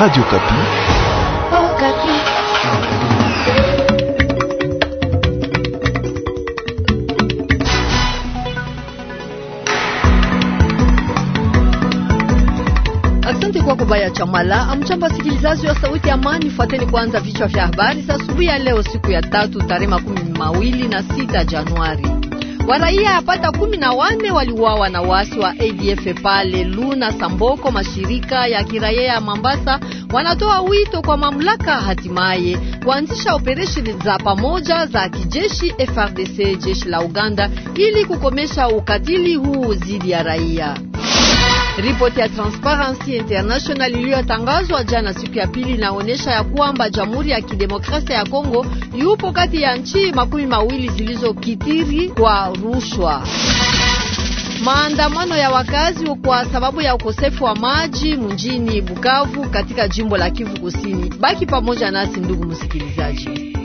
Radio Kapi. Oh, Kapi. Asante kwa kubaya chamala. Amchamba wasikilizaji wa sauti ya amani, fuateni kwanza vichwa vya habari za asubuhi ya leo, siku ya tatu tarehe makumi mawili na sita Januari. Waraia apata kumi na wane waliuawa na waasi wa ADF pale Luna Samboko. Mashirika ya kiraia ya Mambasa wanatoa wito kwa mamlaka hatimaye kuanzisha operesheni za pamoja za kijeshi FRDC, jeshi la Uganda ili kukomesha ukatili huu dhidi ya raia. Ripoti ya Transparency International iliyotangazwa jana siku ya pili inaonyesha ya kwamba Jamhuri ya Kidemokrasia ya Kongo yupo kati ya nchi makumi mawili zilizokitiri kwa rushwa. Maandamano ya wakazi kwa sababu ya ukosefu wa maji mjini Bukavu katika jimbo la Kivu Kusini. Baki pamoja nasi ndugu msikilizaji.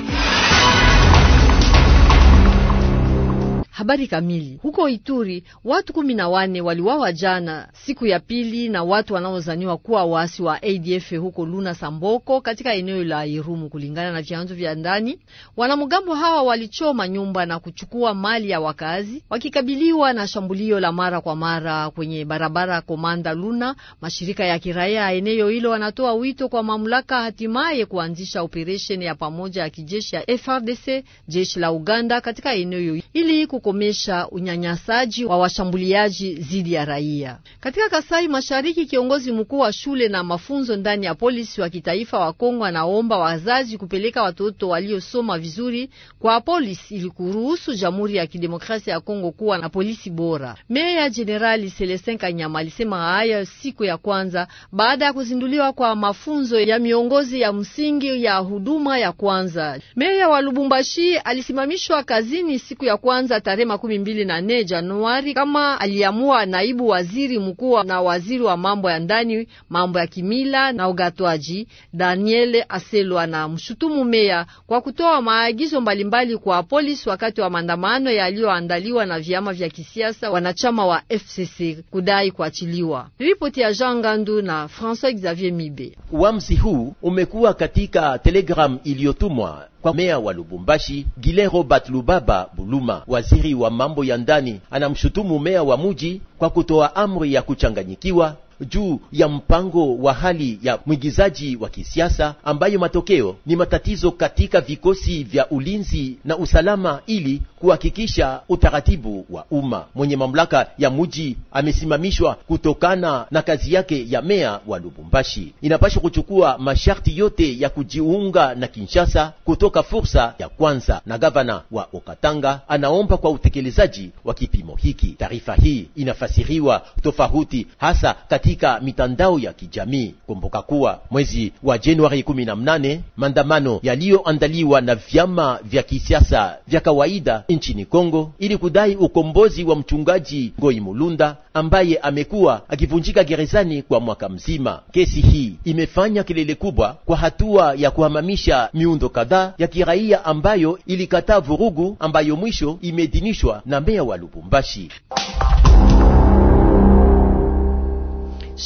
Habari kamili. Huko Ituri watu kumi na wane waliwawa jana siku ya pili na watu wanaozaniwa kuwa waasi wa ADF huko Luna Samboko katika eneo la Irumu. Kulingana na vyanzo vya ndani, wanamgambo hawa walichoma nyumba na kuchukua mali ya wakazi, wakikabiliwa na shambulio la mara kwa mara kwenye barabara Komanda Luna. Mashirika ya kiraia ya eneo hilo wanatoa wito kwa mamlaka hatimaye kuanzisha operesheni ya pamoja ya kijeshi ya FRDC, jeshi la Uganda katika eneo hilo ili kukomesha unyanyasaji wa washambuliaji dhidi ya raia. Katika Kasai Mashariki, kiongozi mkuu wa shule na mafunzo ndani ya polisi wa kitaifa wa Kongo anaomba wazazi kupeleka watoto waliosoma vizuri kwa polisi ili kuruhusu Jamhuri ya Kidemokrasia ya Kongo kuwa na polisi bora. Meya Jenerali Celestin Kanyama alisema haya siku ya kwanza baada ya kuzinduliwa kwa mafunzo ya miongozi ya msingi ya huduma ya kwanza. Meya wa Lubumbashi alisimamishwa kazini siku ya kwanza tarehe tarehe makumi mbili na nne Januari kama aliamua naibu waziri mkuu na waziri wa mambo ya ndani, mambo ya kimila na ugatwaji Daniele Aselwa na mshutumu meya kwa kutoa maagizo mbalimbali kwa polisi wakati wa maandamano yaliyoandaliwa na vyama vya kisiasa wanachama wa FCC kudai kuachiliwa. Ripoti ya Jean Gandu na François Xavier Mibe. Uamsi huu umekuwa katika telegram iliyotumwa kwa mea wa Lubumbashi Gilero Batlubaba Buluma, waziri wa mambo ya ndani, anamshutumu mea wa muji kwa kutoa amri ya kuchanganyikiwa juu ya mpango wa hali ya mwigizaji wa kisiasa ambayo matokeo ni matatizo katika vikosi vya ulinzi na usalama ili kuhakikisha utaratibu wa umma. Mwenye mamlaka ya muji amesimamishwa kutokana na kazi yake ya mea wa Lubumbashi. Inapaswa kuchukua masharti yote ya kujiunga na Kinshasa kutoka fursa ya kwanza, na gavana wa Okatanga anaomba kwa utekelezaji wa kipimo hiki. Taarifa hii inafasiriwa tofauti hasa katika katika mitandao ya kijamii. Kumbuka kuwa mwezi wa Januari 18 maandamano yaliyoandaliwa na vyama vya kisiasa vya kawaida nchini Kongo ili kudai ukombozi wa mchungaji Ngoi Mulunda ambaye amekuwa akivunjika gerezani kwa mwaka mzima. Kesi hii imefanya kelele kubwa kwa hatua ya kuhamamisha miundo kadhaa ya kiraia ambayo ilikataa vurugu ambayo mwisho imeidhinishwa na meya wa Lubumbashi.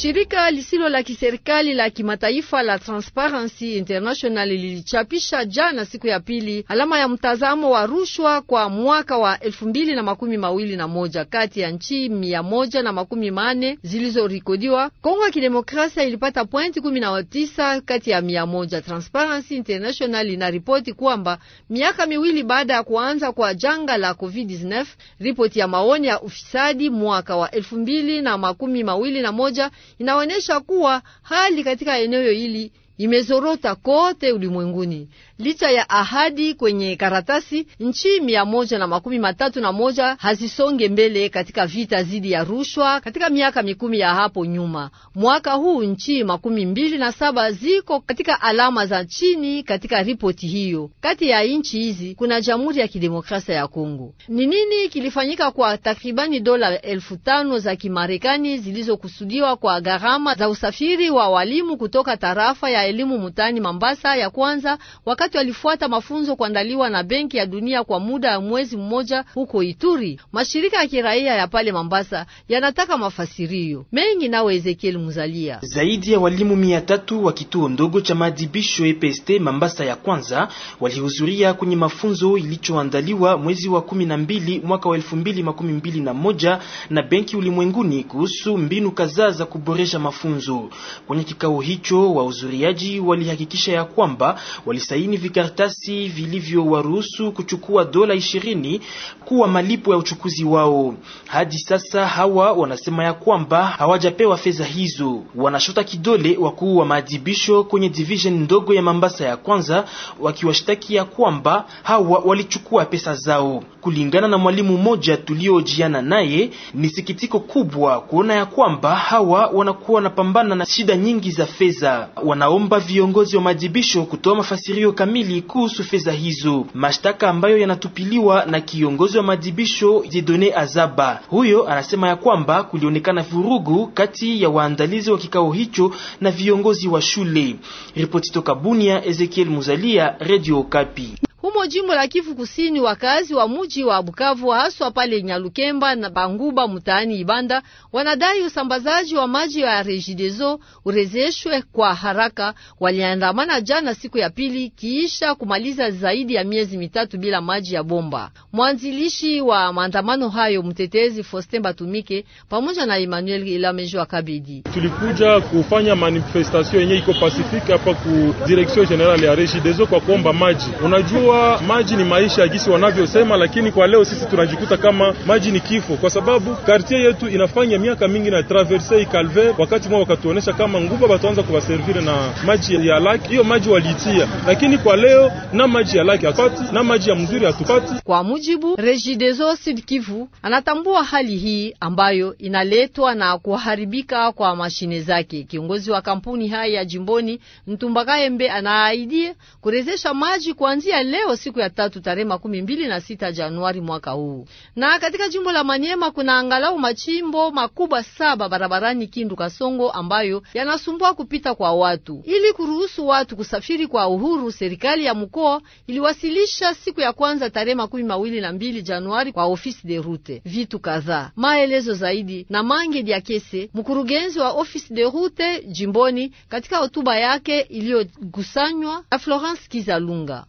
Shirika lisilo la kiserikali la kimataifa la Transparency International lilichapisha jana siku ya pili alama ya mtazamo wa rushwa kwa mwaka wa elfu mbili na makumi mawili na moja. Kati ya nchi mia moja na makumi mane zilizorikodiwa, Kongo ya Kidemokrasia ilipata pointi kumi na tisa kati ya mia moja. Transparency International inaripoti kwamba miaka miwili baada ya kuanza kwa janga la COVID-19, ripoti ya maoni ya ufisadi mwaka wa elfu mbili na makumi mawili na moja inaonyesha kuwa hali katika eneo hili imezorota kote ulimwenguni licha ya ahadi kwenye karatasi, nchi mia moja na makumi matatu na moja hazisonge mbele katika vita dhidi ya rushwa katika miaka mikumi ya hapo nyuma. Mwaka huu nchi makumi mbili na saba ziko katika alama za chini katika ripoti hiyo. Kati ya nchi hizi kuna Jamhuri ya Kidemokrasia ya Kongo. Ni nini kilifanyika kwa takribani dola elfu tano za Kimarekani zilizokusudiwa kwa gharama za usafiri wa walimu kutoka tarafa ya elimu mutani Mambasa ya kwanza wakati watatu walifuata mafunzo kuandaliwa na Benki ya Dunia kwa muda ya mwezi mmoja huko Ituri. Mashirika ya kiraia ya pale Mombasa yanataka mafasirio mengi. Nawe Ezekiel Muzalia. Zaidi ya walimu mia tatu wa kituo ndogo cha maadhibisho EPST Mombasa ya kwanza walihudhuria kwenye mafunzo ilichoandaliwa mwezi wa 12 mwaka wa na moja na Benki Ulimwenguni kuhusu mbinu kadhaa za kuboresha mafunzo. Kwenye kikao hicho wahudhuriaji walihakikisha ya kwamba walisaini vikaratasi vilivyowaruhusu kuchukua dola ishirini kuwa malipo ya uchukuzi wao. Hadi sasa hawa wanasema ya kwamba hawajapewa fedha hizo. Wanashota kidole wakuu wa maadhibisho kwenye division ndogo ya Mambasa ya kwanza, wakiwashtaki ya kwamba hawa walichukua pesa zao. Kulingana na mwalimu mmoja tuliojiana naye, ni sikitiko kubwa kuona ya kwamba hawa wanakuwa wanapambana na shida nyingi za fedha. Wanaomba viongozi wa maadhibisho kutoa mafasirio kamili kuhusu fedha hizo, mashtaka ambayo yanatupiliwa na kiongozi wa madibisho Jedone Azaba. Huyo anasema ya kwamba kulionekana vurugu kati ya waandalizi wa kikao hicho na viongozi wa shule. Ripoti toka Bunia, Ezekiel Muzalia, Radio Okapi. Humo jimbo la Kivu Kusini, wakazi wa muji wa Bukavu haswa pale Nyalukemba na Banguba mtaani Ibanda wanadai usambazaji wa maji ya Regideso urezeshwe kwa haraka. Waliandamana jana siku ya pili kiisha kumaliza zaidi ya miezi mitatu bila maji ya bomba. Mwanzilishi wa maandamano hayo mtetezi Faustin Batumike pamoja na Emmanuel Ilamejwa Kabidi: tulikuja kufanya manifestation yenye iko pacifique hapa ku direction generale ya Regideso kwa kuomba maji, unajua maji ni maisha jinsi wanavyosema, lakini kwa leo sisi tunajikuta kama maji ni kifo, kwa sababu kartie yetu inafanya miaka mingi na traverse calvaire. Wakati mwao wakatuonesha kama nguva wataanza kuwaservire na maji ya laki, hiyo maji waliitia, lakini kwa leo na maji ya laki hatupati na maji ya mzuri hatupati. Kwa mujibu Regideso Sud Kivu anatambua hali hii ambayo inaletwa na kuharibika kwa mashine zake. Kiongozi wa kampuni haya ya jimboni Mtumbakaembe anaahidi kurejesha maji kuanzia leo leo siku ya tatu tarehe makumi mbili na sita Januari mwaka huu. Na katika jimbo la Manyema kuna angalau machimbo makubwa saba barabarani Kindu Kasongo ambayo yanasumbua kupita kwa watu. Ili kuruhusu watu kusafiri kwa uhuru, serikali ya mkoa iliwasilisha siku ya kwanza tarehe makumi mawili na mbili Januari kwa ofisi de route vitu kadhaa. Maelezo zaidi na Mange kese mkurugenzi wa ofisi de route jimboni, katika hotuba yake iliyokusanywa na Florence Kizalunga.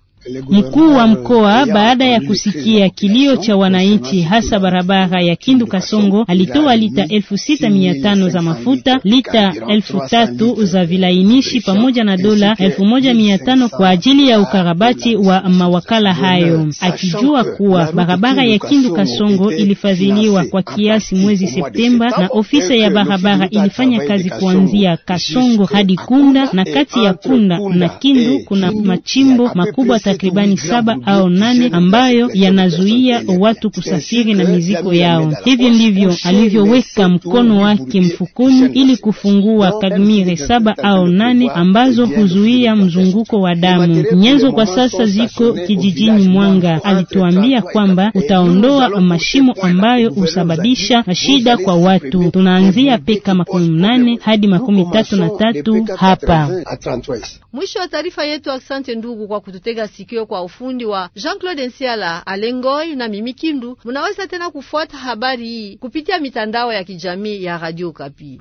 Mkuu wa mkoa baada ya kusikia kilio cha wananchi hasa barabara ya Kindu Kasongo, alitoa lita elfu sita mia tano za mafuta, lita elfu tatu za vilainishi pamoja na dola elfu moja mia tano kwa ajili ya ukarabati wa mawakala hayo, akijua kuwa barabara ya Kindu Kasongo ilifadhiliwa kwa kiasi mwezi Septemba na ofisa ya barabara ilifanya kazi kuanzia Kasongo hadi Kunda, na kati ya Kunda na Kindu kuna machimbo makubwa takribani saba au nane ambayo yanazuia watu kusafiri na mizigo yao. Hivyo ndivyo alivyoweka mkono wake mfukoni ili kufungua kadmire saba au nane ambazo huzuia mzunguko wa damu. Nyenzo kwa sasa ziko kijijini Mwanga. Alituambia kwamba utaondoa mashimo ambayo husababisha shida kwa watu. Tunaanzia peka makumi mnane hadi makumi tatu na tatu hapa. Mwisho wa taarifa yetu. Asante ndugu kwa kututega sikio kwa ufundi wa Jean-Claude Nsiala Alengoi na Mimi Kindu. Munaweza tena kufuata habari hii kupitia mitandao ya kijamii ya Radio Kapi.